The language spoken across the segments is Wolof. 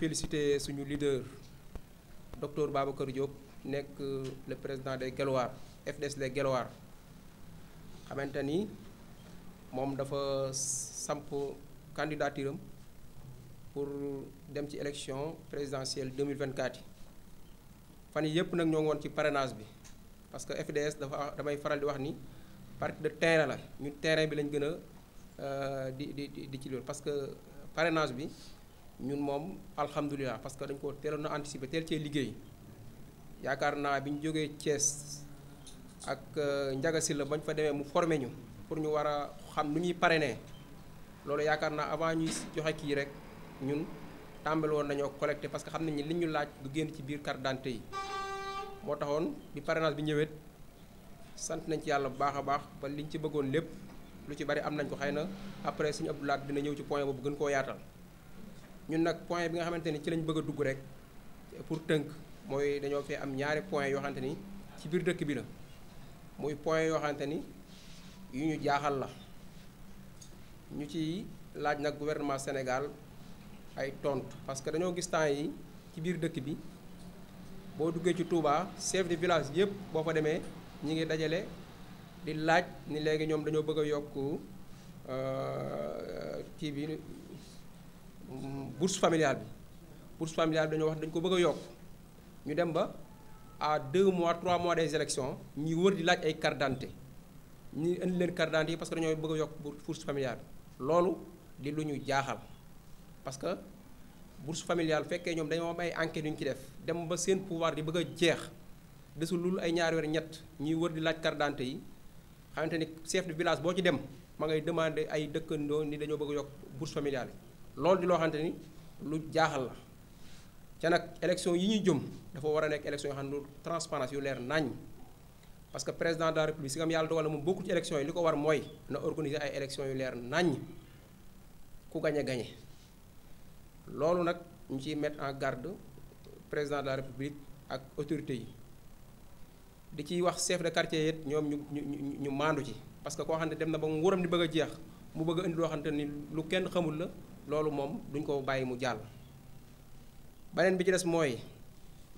féliciter suñu leader docteur kër Diop nekk euh, le président des Guelwaar FDS les Guelwaar xamante ni moom dafa samp candidature am pour dem ci élection présidentielle 2024 yi fan yi yëpp nag ñoo ngi woon ci parrainage bi parce que FDS dafa damay faral di wax ni parti de terrain la ñun terrain bi lañ gën a euh, di di di ci loolu parce que parrainage bi ñun moom alhamdulilah parce que dañ ko teeloon na anticiper teel cee liggéey yaakaar naa bi ñu jógee Thiès ak euh, Ndiaga Sylla bañ fa demee mu formé ñu pour ñu war a xam nu ñuy pare parrainer loolu yaakaar naa avant ñuy joxe kii rek ñun tàmbali woon nañoo collecté parce que xam nañ ni li ñu laaj du génn ci biir carte d'identité yi moo taxoon bi parrainage bi ñëwee sant nañ ci yàlla bu baax a baax ba liñ ci bëggoon lépp lu ci bari am nañ ko xëy na après suñu Abdou Lahad dina ñëw ci point boobu gën koo yaatal. ñun nag point bi nga xamante ni ci lañ bëgg a dugg rek pour tënk mooy dañoo fee am ñaari point yoo xamante ni ci biir dëkk bi la muy point yoo xamante ni yu ñu jaaxal la ñu ci laaj nag gouvernement Sénégal ay tontu parce que dañoo gis temps yi ci biir dëkk bi boo duggee ci Touba chef de village yëpp boo fa demee ñi ngi dajale di laaj ni léegi ñoom dañoo bëgg a yokk euh, kii bi bourse familiale bi bourse familiale dañoo wax dañ ko bëgg a yokk ñu dem ba à deux mois trois mois des élections ñi wër di laaj ay carte d'identité ñi indi leen carte d'identité yi parce que dañoo bëgg a yokk bourse familiale bi loolu di lu ñu jaaxal parce que bourse familiale fekkee ñoom dañoo may ay enquêtes yu ñu ci def dem ba seen pouvoir di bëgg a jeex desul lul ay ñaari weer ñett ñuy wër di laaj carte d'identité yi xamante ni chef de village boo ci dem ma ngay demander ay dëkkandoo ni dañoo bëgg yokk bourse familiale yi loolu di loo ni lu jaaxal la ca nag élection yi ñuy jëm dafa war a nekk élection yoo xam ne lu transparence yu leer nañ parce que président de la république si nga xam yàlla dogal na moom bokkul ci élection ko war mooy na organiser ay élection yu leer nañ ku gañe gañe loolu nag ñu ciy mettre en garde président de la république ak autorité yi di ciy wax chef de quartier yit ñoom ñu ñu ñu ñu maandu ci parce que koo xam ne dem na ba nguuram di bëgg a jeex mu bëgg a indi loo ni lu kenn xamul la loolu moom duñ ko bàyyi mu jàll beneen bi ci des mooy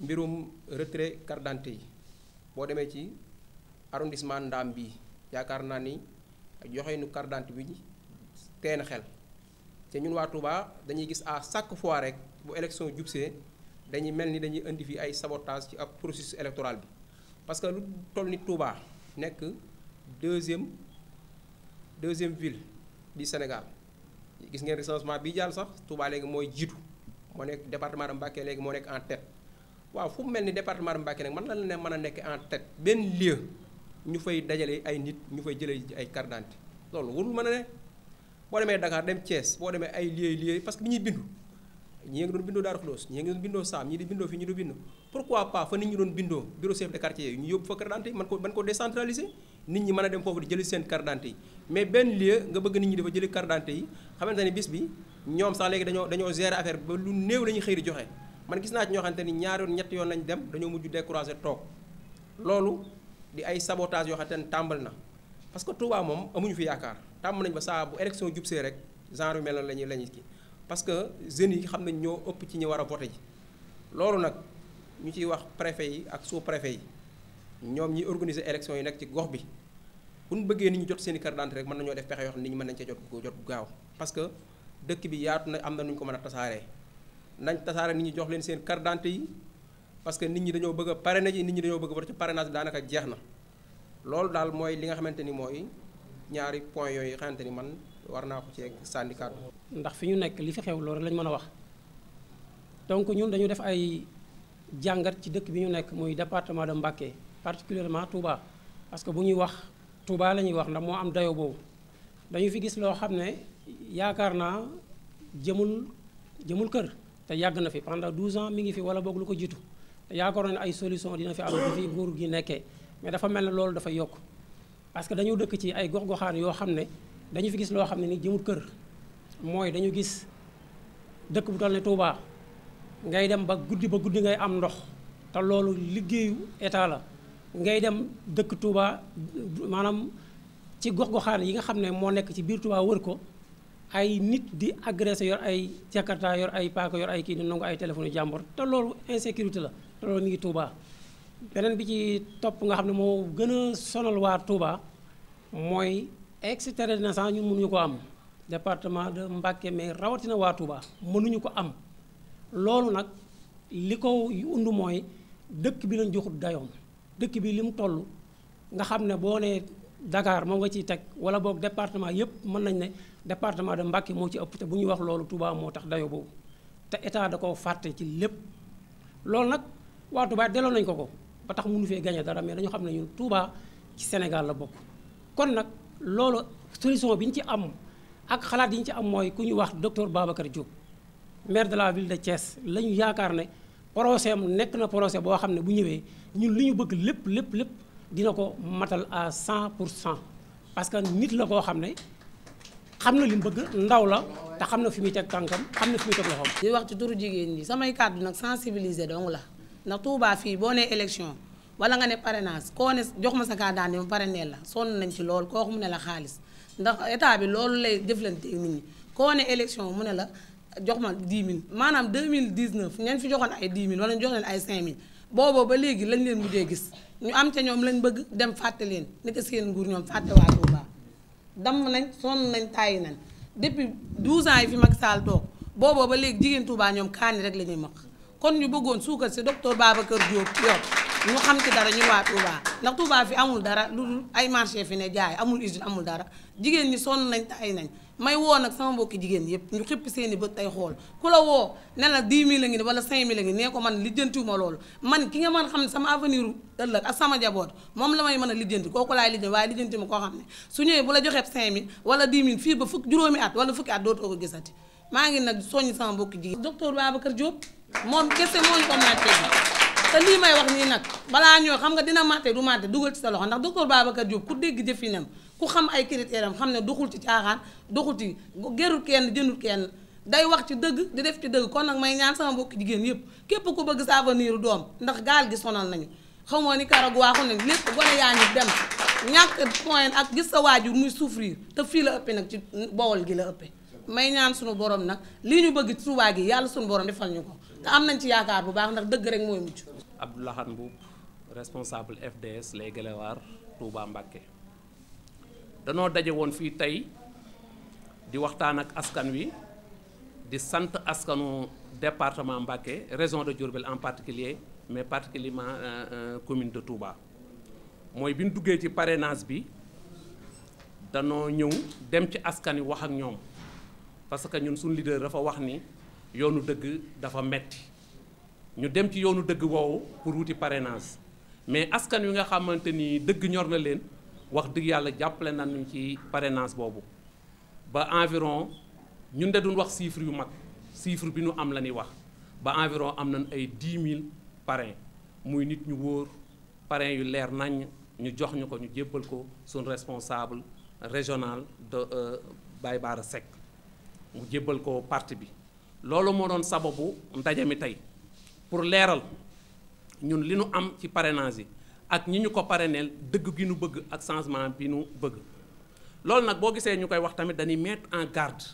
mbirum retrait carte d'identité yi boo demee ci arrondissement ndaam bi yaakaar naa ni joxe nu carte d'identité bi teen xel te ñun waa Touba dañuy gis à chaque fois rek bu élection jubsee dañuy mel ni dañuy indi fi ay sabotage ci ab processus électoral bi parce que lu toll ni Touba nekk deuxième deuxième ville du Sénégal gis ngeen recensement bi jàll sax Touba léegi mooy jiitu moo nekk département de Mbacké léegi moo nekk en tête waaw fu mel ni département de Mbacké nag man la ne man a nekk en tête benn lieu ñu fay dajale ay nit ñu fay jëlee ay carte d'identité loolu warul mën a ne boo demee Dakar dem Thiès boo demee ay lieu lieu parce que bi ñuy bindu ñi ngi doon bindoo Darou Khoudoss ñi ngi doon bindoo Sam ñi di bindoo fii ñu di bindoo pourquoi pas fa nit ko man ko décentraliser nit ñi mën a dem foofu di jëli seen carte d'identité yi mais benn lieu nga bëgg nit ñi dafa jëli carte d'identité yi xamante ne bis bi ñoom sax léegi dañoo dañoo gérer affaire ba lu néew la xëy di joxe man gis naa ci ñoo xamante ni ñaari yoon ñetti yoon lañ dem dañoo mujj découragé toog loolu di ay sabotage yoo xamante ne tàmbal na parce que Touba moom amuñu fi yaakaar tàmm nañ ba saa bu élection jub see rek genre yu mel noonu la ñuy la ñuy kii parce que jeunes yi xam nañ ñoo ëpp ci ñi war a voté ji loolu nag ñu ciy wax préfet yi ak sous préfet yi ñoom ñi organiser élection yi nekk ci gox bi bu ñu bëggee nit ñu jot seen i rek mën nañoo def pexe yoo xam ne nit ñi mën nañ cee jot jot gaaw parce que dëkk bi yaatu na am na nu ñu ko mën a tasaaree nañ tasaare nit ñi jox leen seen carte d'identité yi parce que nit ñi dañoo bëgg pare parrainage yi nit ñi dañoo bëgg a voter ci parrainage bi daanaka jeex na loolu daal mooy li nga xamante ni mooy ñaari point yooyu xamante ni man war naa ko ci syndicat ndax fi ñu nekk li fi xew loolu lañ mën a wax donc ñun dañu def ay jàngat ci dëkk bi ñu nekk muy département de Mbacké particulièrement Touba parce que bu ñuy wax Touba la ñuy wax ndax moo am dayo boobu dañu fi gis loo xam ne yaakaar naa jëmul jëmul kër te yàgg na fi pendant 12 ans mi ngi fi wala boog lu ko jiitu te yaakaaroon ne ay solution dina fi am di fi nguur gi nekkee mais dafa mel ne loolu dafa yokk parce que dañu dëkk ci ay gox-goxaan yoo xam ne dañu fi gis loo xam ne ni jëmul kër mooy dañu gis dëkk bu tal ne Touba ngay dem ba guddi ba guddi ngay am ndox te loolu liggéeyu état la ngay dem dëkk Touba maanaam ci gox-goxaan yi nga xam ne moo nekk ci biir Touba wër ko ay nit di agressé yor ay jakarta yor ay paaka yor ay kii di nangu ay téléphone yu jàmbur te loolu insécurité la te loolu mi ngi Touba. beneen bi ci topp nga xam ne moo gën a sonal waa Touba mooy extrait na saa ñun mënuñu ko am département de Mbacké mais rawatina waa Touba mënuñu ko am loolu nag li ko und mooy dëkk bi lañ joxut dayoom dëkk bii li mu toll nga xam ne boo nee Dakar moom nga ciy teg wala boog département yépp mën nañ ne département de Mbacké moo ci ëpp te bu ñuy wax loolu Touba moo tax dayo boobu te état da koo fàtte ci lépp loolu nag waatu Touba deloon nañ ko ko ba tax mënu fee gagné dara mais dañu xam ne ñun Touba ci Sénégal la bokk kon nag loolu solution bi ñu ci am ak xalaat yi ñu ci am mooy ku ñu wax docteur Babacar Diop maire de la ville de Thiès la ñu yaakaar ne procès am nekk na procès boo xam ne bu ñëwee ñun li ñu bëgg lépp lépp lépp dina ko matal à cent pour cent parce que nit la koo xam ne xam na li mu bëgg ndaw la te xam na fi muy teg tànkam xam na fi muy teg loxoom. di wax ci turu jigéen ñi samay kàddu nag sensibiliser dong la ndax Touba fii boo nee élection wala nga ne parrainage koo ne jox ma sa kàddaa ne ma parrainel la sonn nañ ci lool koo mu ne la xaalis ndax état bi loolu lay jëflante nit ñi koo ne élection mu ne la. jox ma 10 000 maanaam 2019 ñañ fi joxoon ay 10 000 wala ñu jox leen ay 5 000 booboo ba léegi lañ leen mujjee gis ñu am ca ñoom lañ bëgg dem fàtte leen ni ca seen nguur ñoom fàtte waa Touba damm nañ sonn nañ tàyyi nañ depuis 12 ans yi fi Macky Sall toog booboo ba léegi jigéen Touba ñoom kaani rek la ñuy maq kon ñu bëggoon suukar si docteur Babacar Diop yow ñu xam ci dara ñun waa Touba ndax Touba fi amul dara lu dul ay marché fi ne jaay amul usine amul dara jigéen ñi sonn nañ ay nañ may woo nag sama mbokki jigéen yëpp ñu xëpp seen bët tey xool ku la woo ne la 10 000 la ngi wala 5 000 nee ko man lijjantiwuma loolu man ki nga man xam ne sama avenir ëllëg ak sama jaboot moom la may mën a lijjanti ko laay lijjanti waaye lijjanti ma koo xam ne su ñëwee bu la joxee 5000 wala 10 000 fii ba fukk juróomi at wala fukki at ko gisati maa ngi nag soññ sama mbokki jigéen docteur Babacar Diop moom kese moo ñu ko màccee te lii may wax nii nag balaa ñoo xam nga dina màtte du màtte dugal ci sa loxo ndax docteur Babacar Diop ku dégg jëfinam ku xam ay critères am xam ne doxul ci caaxaan doxul ci gerul kenn jëndul kenn day wax ci dëgg di def ci dëgg kon nag may ñaan sama mbokki jigéen yépp képp ko bëgg sa avenir doom ndax gaal gi sonal nañu xamoo ni karag waaxu ne lépp gone yaa ngi dem ñàkk point ak gis sa waajur muy souffrir te fii la ëppee nag ci bowol gi la ëpp may ñaan sunu borom nag lii ñu bëgg ci gi yàlla sunu borom defal ñu ko te am nañ yaakaar bu baax ndax dëgg rek mooy Abdoulahan Mbuub responsable FDS les Guelewar Touba Mbacké danoo daje woon fii tey di waxtaan ak askan wi di sant askanu departement Mbacké région de Diourbel en particulier mais particulièrement euh, euh, commune de Touba mooy bi ñu duggee ci parrainage bi danoo ñëw dem ci askan wi wax ak ñoom parce que ñun suñu leader dafa wax ni yoonu dëgg dafa metti ñu dem ci yoonu dëgg woowu pour wuti parrainage mais askan wi nga xamante ni dëgg ñor na leen wax dëgg yàlla jàppale nañu ci parrainage boobu ba environ ñun de duñ wax chiffre yu mag chiffre bi nu am la ñuy wax ba environ am nañ ay 10 000 parrain muy nit ñu wóor parrain yu leer nañ ñu jox ñu ko ñu jébbal ko suñ responsable régional de euh, Baye Bara Seck mu jébbal ko parti bi loolu moo doon sababu ndaje mi tey pour leeral ñun li nu am ci parrainage yi ak ñi ñu ko parrainel dëgg bi nu bëgg ak changement bi nu bëgg loolu nag boo gisee ñu koy wax tamit dañuy mettre en garde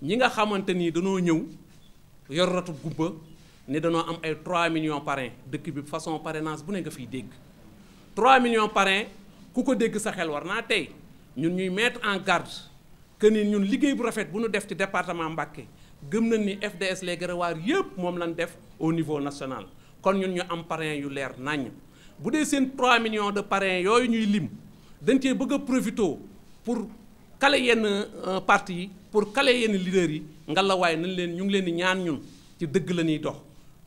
ñi nga xamante ni danoo ñëw yor ratu gumba ne danoo am ay 3 millions parrain dëkk bi façon parrainage bu ne nga fiy dégg 3 millions parrain ku ko dégg sa xel war naa tey ñun ñuy mettre en garde que ni ñun liggéey bu rafet bu nu def ci département Mbacké gëm nañ ni FDS les Grégoire yëpp moom lañ def au niveau national kon ñun ñu am parrain yu leer naññ bu dee seen 3 millions de parrains yooyu ñuy lim dañ cee bëgg a profité pour kale yenn euh, parti yi pour kale yenn leaders yi nga la waaye nañ leen ñu ngi leen di ñaan ñun ci dëgg la ñuy dox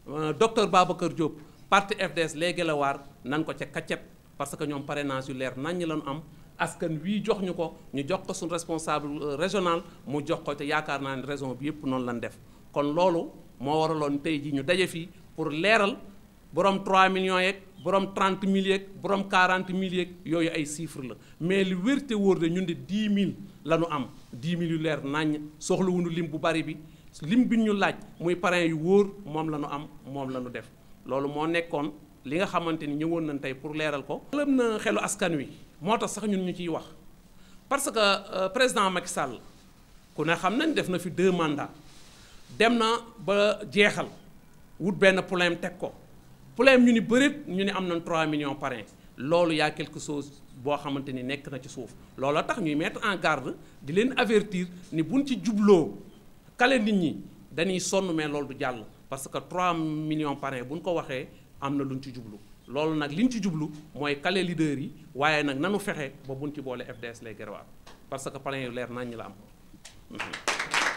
euh, docteur kër Diop parti FDS les Grégoire nan ko ca kaccet parce que ñoom parrainage yu leer naññ lañu am askan wii jox ñu ko ñu jox ko suñu responsable euh, régional mu jox ko te yaakaar naa ni raison bi yëpp noonu lañ def kon loolu moo waraloon tey ji ñu daje fii pour leeral borom 3 millions yeeg borom 30 mille yeeg borom 40 mille yeeg yooyu ay chiffres la mais li wér wóor de ñun de 10 000 la ñu am 10 000 yu leer naññ soxlawuñu lim bu bari bi lim bi ñu laaj muy parrain yu wóor moom la ñu am moom la ñu def loolu moo nekkoon li nga xamante ni ñëwoon nañ tey pour leeral ko. xelam na xelu askan wi. moo tax sax ñun ñu ciy wax parce que euh, président Macky Sall ku ne xam nañ def na fi deux mandats dem na ba jeexal wut benn problème teg ko problème ñu ni bërit ñu ni am nañ 3 millions parrain loolu yaa quelque sos boo xamante ni nekk na ci suuf looloo tax ñuy mettre en garde di leen avertir ni buñ ci jubloo kale nit ñi dañuy sonn mais loolu du jàll parce que 3 millions bu buñ ko waxee am na luñ ci jublu loolu nag li ñu ci jublu mooy kale leader yi waaye nag nanu fexe ba buñ ci boole FDS lay Guéréwaar parce que plan yu leer nañ ñi la am.